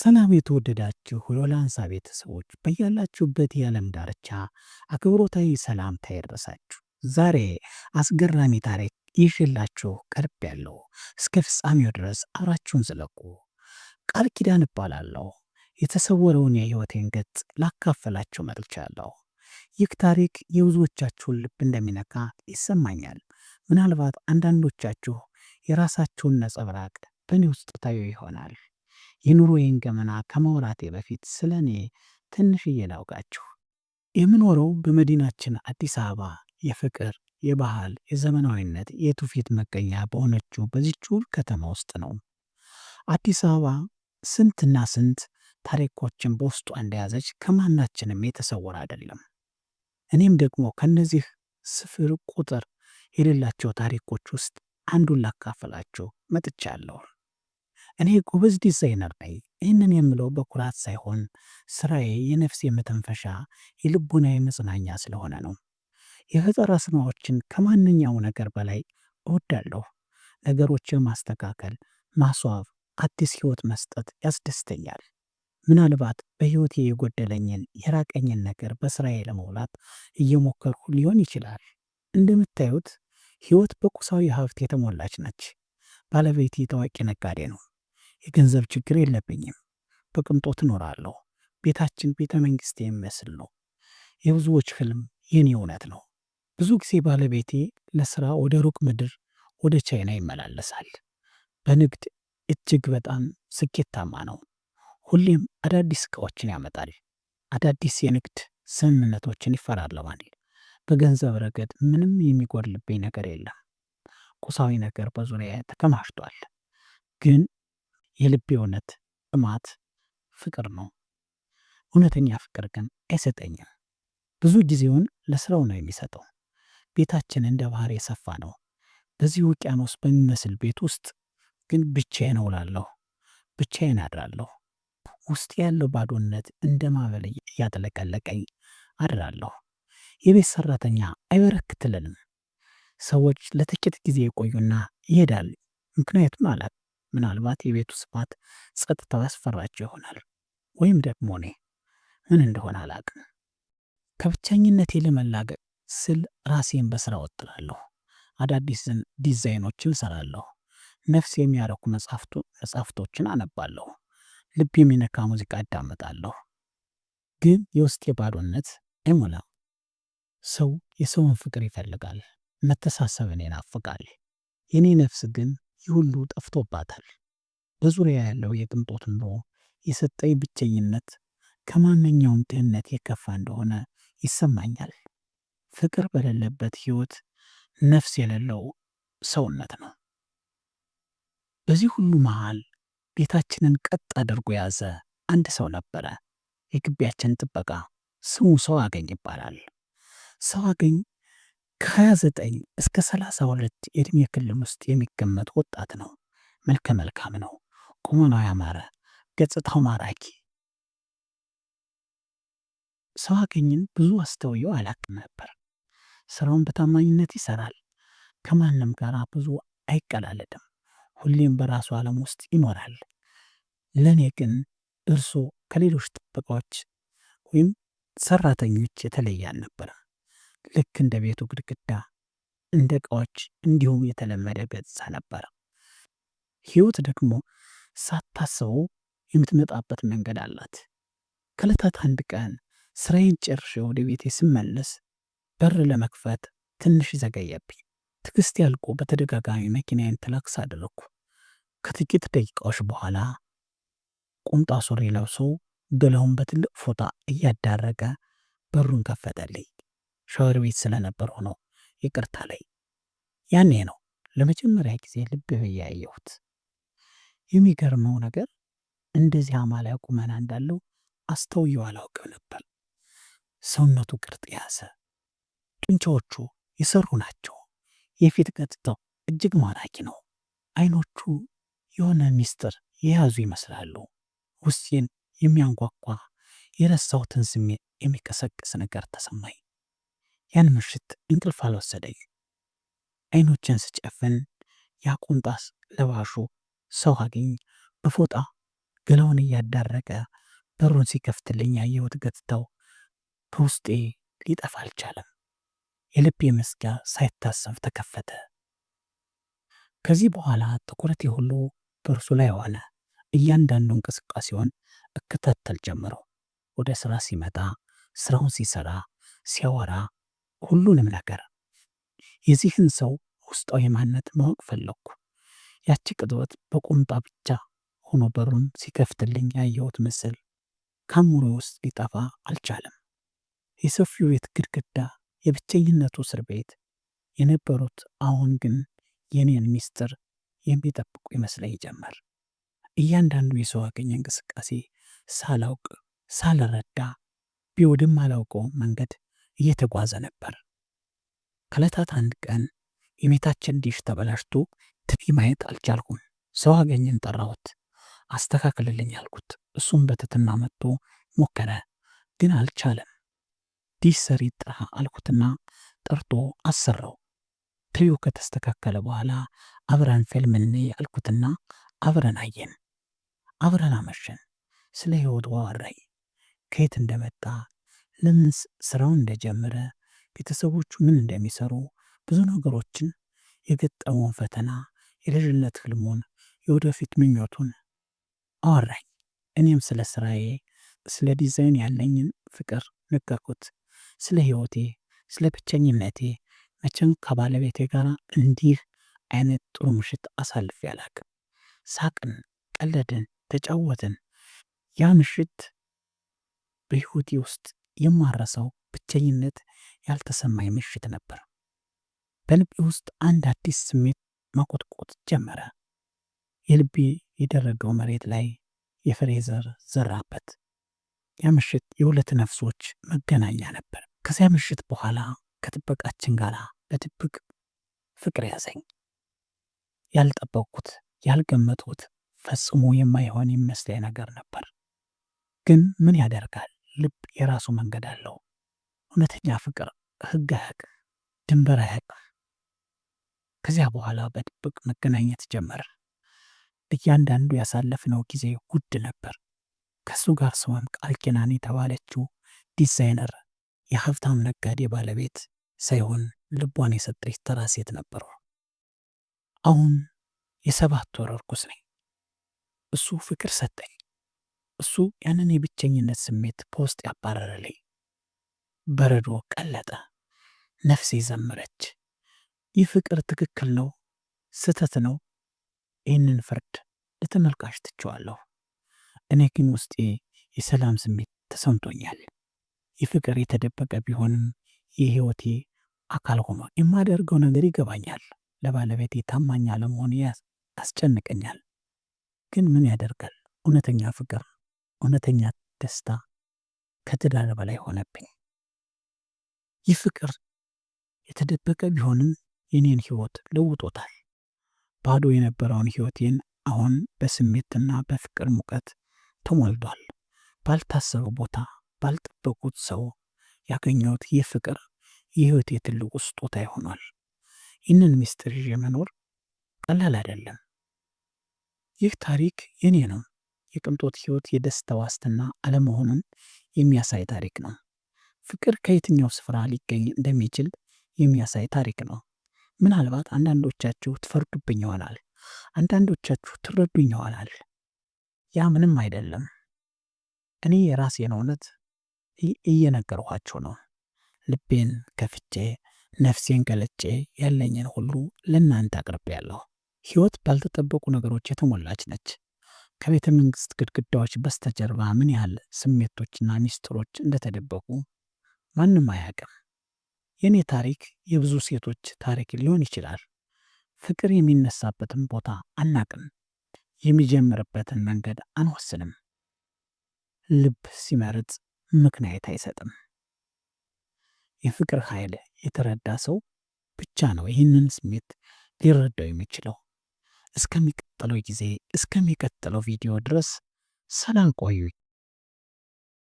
ሰላም የተወደዳችሁ የሎላንሳ ቤተሰቦች በያላችሁበት የዓለም ዳርቻ አክብሮታዊ ሰላምታ ይድረሳችሁ። ዛሬ አስገራሚ ታሪክ ይዤላችሁ ያለው እስከ ፍጻሜው ድረስ አብራችሁን ዝለቁ። ቃል ኪዳን እባላለሁ። የተሰወረውን የሕይወቴን ገጽ ላካፈላችሁ መጥቻለሁ። ይህ ታሪክ የብዙዎቻችሁን ልብ እንደሚነካ ይሰማኛል። ምናልባት አንዳንዶቻችሁ የራሳችሁን ነጸብራቅ በእኔ ውስጥ ታዩ ይሆናል። የኑሮዬን ገመና ከመውራቴ በፊት ስለ እኔ ትንሽዬ ላውጋችሁ። የምኖረው በመዲናችን አዲስ አበባ የፍቅር፣ የባህል፣ የዘመናዊነት የትውፊት መገኛ በሆነችው በዚች ውብ ከተማ ውስጥ ነው። አዲስ አበባ ስንትና ስንት ታሪኮችን በውስጧ እንደያዘች ከማናችንም የተሰወረ አይደለም። እኔም ደግሞ ከነዚህ ስፍር ቁጥር የሌላቸው ታሪኮች ውስጥ አንዱን ላካፈላችሁ መጥቻለሁ። እኔ ጎበዝ ዲዛይነር ነኝ። ይህንን የምለው በኩራት ሳይሆን ስራዬ የነፍሴ መተንፈሻ፣ የልቦናዬ መጽናኛ ስለሆነ ነው። የፈጠራ ስራዎችን ከማንኛው ነገር በላይ እወዳለሁ። ነገሮችን ማስተካከል፣ ማስዋብ፣ አዲስ ህይወት መስጠት ያስደስተኛል። ምናልባት በህይወቴ የጎደለኝን የራቀኝን ነገር በስራዬ ለመውላት እየሞከርሁ ሊሆን ይችላል። እንደምታዩት ህይወት በቁሳዊ ሀብት የተሞላች ነች። ባለቤቴ ታዋቂ ነጋዴ ነው። የገንዘብ ችግር የለብኝም። በቅንጦት እኖራለሁ። ቤታችን ቤተ መንግሥት የሚመስል ነው። የብዙዎች ህልም የኔ እውነት ነው። ብዙ ጊዜ ባለቤቴ ለስራ ወደ ሩቅ ምድር ወደ ቻይና ይመላለሳል። በንግድ እጅግ በጣም ስኬታማ ነው። ሁሌም አዳዲስ እቃዎችን ያመጣል። አዳዲስ የንግድ ስምምነቶችን ይፈራረማል። በገንዘብ ረገድ ምንም የሚጎድልብኝ ነገር የለም። ቁሳዊ ነገር በዙሪያ ተከማችቷል፣ ግን የልቤ እውነት ጥማት ፍቅር ነው። እውነተኛ ፍቅር ግን አይሰጠኝም። ብዙ ጊዜውን ለስራው ነው የሚሰጠው። ቤታችን እንደ ባህር የሰፋ ነው። በዚህ ውቅያኖስ በሚመስል ቤት ውስጥ ግን ብቻዬን እውላለሁ፣ ብቻዬን አድራለሁ። ውስጥ ያለው ባዶነት እንደ ማበል እያጥለቀለቀኝ አድራለሁ። የቤት ሰራተኛ አይበረክትልንም። ሰዎች ለጥቂት ጊዜ ይቆዩና ይሄዳሉ። ምክንያቱም አላት ምናልባት የቤቱ ስፋት ጸጥታው ያስፈራቸው ይሆናል። ወይም ደግሞ እኔ ምን እንደሆነ አላቅም። ከብቸኝነቴ ለመላቀቅ ስል ራሴን በስራ ወጥላለሁ። አዳዲስ ዲዛይኖችን ሰራለሁ። ነፍስ የሚያረኩ መጽሐፍቶችን አነባለሁ። ልብ የሚነካ ሙዚቃ አዳምጣለሁ። ግን የውስጥ የባዶነት አይሞላም። ሰው የሰውን ፍቅር ይፈልጋል፣ መተሳሰብን ይናፍቃል። የኔ ነፍስ ግን ይህ ሁሉ ጠፍቶባታል። በዙሪያ ያለው የቅንጦት ኑሮ የሰጠኝ ብቸኝነት ከማንኛውም ድህነት የከፋ እንደሆነ ይሰማኛል። ፍቅር በሌለበት ህይወት ነፍስ የሌለው ሰውነት ነው። በዚህ ሁሉ መሃል ቤታችንን ቀጥ አድርጎ የያዘ አንድ ሰው ነበረ። የግቢያችን ጥበቃ ስሙ ሰው አገኝ ይባላል። ሰው አገኝ ከ29 እስከ 32 የዕድሜ ክልል ውስጥ የሚገመት ወጣት ነው። መልከ መልካም ነው። ቁመናው ያማረ፣ ገጽታው ማራኪ። ሰው አገኝን ብዙ አስተውየው አላቅም ነበር። ስራውን በታማኝነት ይሰራል። ከማንም ጋር ብዙ አይቀላለድም። ሁሌም በራሱ ዓለም ውስጥ ይኖራል። ለእኔ ግን እርሱ ከሌሎች ጥበቃዎች ወይም ሰራተኞች የተለየ አልነበረም። ልክ እንደ ቤቱ ግድግዳ፣ እንደ እቃዎች እንዲሁም የተለመደ ገጽታ ነበረ። ሕይወት ደግሞ ሳታስበው የምትመጣበት መንገድ አላት። ከዕለታት አንድ ቀን ስራዬን ጨርሼ ወደ ቤቴ ስመለስ በር ለመክፈት ትንሽ ዘገየብኝ። ትግስት ያልቆ በተደጋጋሚ መኪናዬን ተላክስ አደረግኩ። ከጥቂት ደቂቃዎች በኋላ ቁምጣ ሱሪ ለብሶ ገላውን በትልቅ ፎጣ እያዳረገ በሩን ከፈተልኝ። ሻወር ቤት ስለነበረው ነው። ይቅርታ ላይ ያኔ ነው ለመጀመሪያ ጊዜ ልብ ብዬ ያየሁት። የሚገርመው ነገር እንደዚህ አማላይ ቁመና እንዳለው አስተውየው አላውቅም ነበር። ሰውነቱ ቅርጥ የያዘ ጡንቻዎቹ የሰሩ ናቸው። የፊት ገጽታው እጅግ ማራኪ ነው። አይኖቹ የሆነ ሚስጥር የያዙ ይመስላሉ። ውስጤን የሚያንጓጓ የረሳሁትን ስሜት የሚቀሰቅስ ነገር ተሰማኝ። ያን ምሽት እንቅልፍ አልወሰደኝ። አይኖችን ስጨፍን ያቁንጣስ ለባሹ ሰው አገኝ በፎጣ ገላውን እያዳረቀ በሩን ሲከፍትልኝ ያየሁት ገጽታው ከውስጤ ሊጠፋ አልቻለም። የልቤ መዝጊያ ሳይታሰብ ተከፈተ። ከዚህ በኋላ ትኩረቴ ሁሉ በእርሱ ላይ ሆነ። እያንዳንዱ እንቅስቃሴውን እከታተል ጀምሮ ወደ ስራ ሲመጣ፣ ስራውን ሲሰራ፣ ሲያወራ ሁሉንም ነገር። የዚህን ሰው ውስጣዊ ማንነት ማወቅ ፈለግኩ። ያቺ ቅጥበት በቁምጣ ብቻ ሆኖ በሩን ሲከፍትልኝ ያየሁት ምስል ከአእምሮ ውስጥ ሊጠፋ አልቻለም። የሰፊው ቤት ግድግዳ፣ የብቸኝነቱ እስር ቤት የነበሩት አሁን ግን የኔን ሚስጥር የሚጠብቁ ይመስለኝ ጀመር። እያንዳንዱ የሰው አገኘ እንቅስቃሴ ሳላውቅ ሳልረዳ ቢወድም አላውቀው መንገድ እየተጓዘ ነበር። ከዕለታት አንድ ቀን የቤታችን ዲሽ ተበላሽቶ ቲቪ ማየት አልቻልኩም። ሰው አገኘን፣ ጠራሁት። አስተካክልልኝ አልኩት። እሱም በትትና መጥቶ ሞከረ፣ ግን አልቻለም። ዲሽ ሰሪ ጥራ አልኩትና ጠርቶ አሰራው። ቲቪው ከተስተካከለ በኋላ አብረን ፊልም እንይ አልኩትና አብረን አየን። አብረን አመሸን። ስለ ሕይወቱ አወራኝ፣ ከየት እንደመጣ ለምን ስራውን እንደጀመረ ቤተሰቦቹ ምን እንደሚሰሩ ብዙ ነገሮችን የገጠመውን ፈተና የልጅነት ህልሙን የወደፊት ምኞቱን አወራኝ። እኔም ስለ ስራዬ፣ ስለ ዲዛይን ያለኝን ፍቅር ነገርኩት። ስለ ህይወቴ፣ ስለ ብቸኝነቴ። መቼም ከባለቤቴ ጋር እንዲህ አይነት ጥሩ ምሽት አሳልፌ አላቅም። ሳቅን፣ ቀለድን፣ ተጫወትን። ያ ምሽት በህይወቴ ውስጥ የማረሰው ብቸኝነት ያልተሰማኝ ምሽት ነበር። በልቤ ውስጥ አንድ አዲስ ስሜት መቆጥቆጥ ጀመረ። የልቤ የደረገው መሬት ላይ የፍሬ ዘር ዘራበት። ያ ምሽት የሁለት ነፍሶች መገናኛ ነበር። ከዚያ ምሽት በኋላ ከጥበቃችን ጋር በድብቅ ፍቅር ያዘኝ። ያልጠበቅኩት፣ ያልገመትኩት፣ ፈጽሞ የማይሆን የሚመስለኝ ነገር ነበር። ግን ምን ያደርጋል ልብ የራሱ መንገድ አለው። እውነተኛ ፍቅር ህግ አያውቅም፣ ድንበር አያውቅም። ከዚያ በኋላ በድብቅ መገናኘት ጀመር እያንዳንዱ ያሳለፍነው ጊዜ ውድ ነበር። ከእሱ ጋር ስሆን ቃል ኪዳን የተባለችው ዲዛይነር የሀብታም ነጋዴ ባለቤት ሳይሆን ልቧን የሰጠች ተራ ሴት ነበሩ። አሁን የሰባት ወር እርጉዝ ነኝ። እሱ ፍቅር ሰጠኝ። እሱ ያንን የብቸኝነት ስሜት ከውስጥ ያባረረልኝ። በረዶ ቀለጠ፣ ነፍሴ ዘመረች። ይህ ፍቅር ትክክል ነው፣ ስህተት ነው፣ ይህንን ፍርድ ለተመልካች ትቼዋለሁ። እኔ ግን ውስጤ የሰላም ስሜት ተሰምቶኛል። ይህ ፍቅር የተደበቀ ቢሆንም የህይወቴ አካል ሆኖ የማደርገው ነገር ይገባኛል። ለባለቤቴ ታማኝ አለመሆን ያስጨንቀኛል፣ ግን ምን ያደርጋል እውነተኛ ፍቅር እውነተኛ ደስታ ከትዳር በላይ ሆነብኝ። ይህ ፍቅር የተደበቀ ቢሆንም የኔን ሕይወት ለውጦታል። ባዶ የነበረውን ሕይወቴን አሁን በስሜትና በፍቅር ሙቀት ተሞልቷል። ባልታሰበ ቦታ ባልጠበቁት ሰው ያገኘሁት ይህ ፍቅር የህይወቴ ትልቁ ስጦታ ይሆኗል። ይህንን ምስጢር ይዤ መኖር ቀላል አይደለም። ይህ ታሪክ የኔ ነው። የቅንጦት ህይወት የደስታ ዋስትና አለመሆኑን የሚያሳይ ታሪክ ነው። ፍቅር ከየትኛው ስፍራ ሊገኝ እንደሚችል የሚያሳይ ታሪክ ነው። ምናልባት አንዳንዶቻችሁ ትፈርዱብኝ ይሆናል፣ አንዳንዶቻችሁ ትረዱኝ ይሆናል። ያ ምንም አይደለም። እኔ የራሴን እውነት እየነገርኋችሁ ነው። ልቤን ከፍቼ ነፍሴን ገለጬ ያለኝን ሁሉ ለእናንተ አቅርቤያለሁ። ህይወት ባልተጠበቁ ነገሮች የተሞላች ነች። ከቤተ መንግሥት ግድግዳዎች በስተጀርባ ምን ያህል ስሜቶችና ሚስጥሮች እንደተደበቁ ማንም አያውቅም። የእኔ ታሪክ የብዙ ሴቶች ታሪክ ሊሆን ይችላል። ፍቅር የሚነሳበትን ቦታ አናቅም፣ የሚጀምርበትን መንገድ አንወስንም። ልብ ሲመርጥ ምክንያት አይሰጥም። የፍቅር ኃይል የተረዳ ሰው ብቻ ነው ይህንን ስሜት ሊረዳው የሚችለው። እስከሚቀጥለው ጊዜ እስከሚቀጥለው ቪዲዮ ድረስ ሰላም ቆዩ።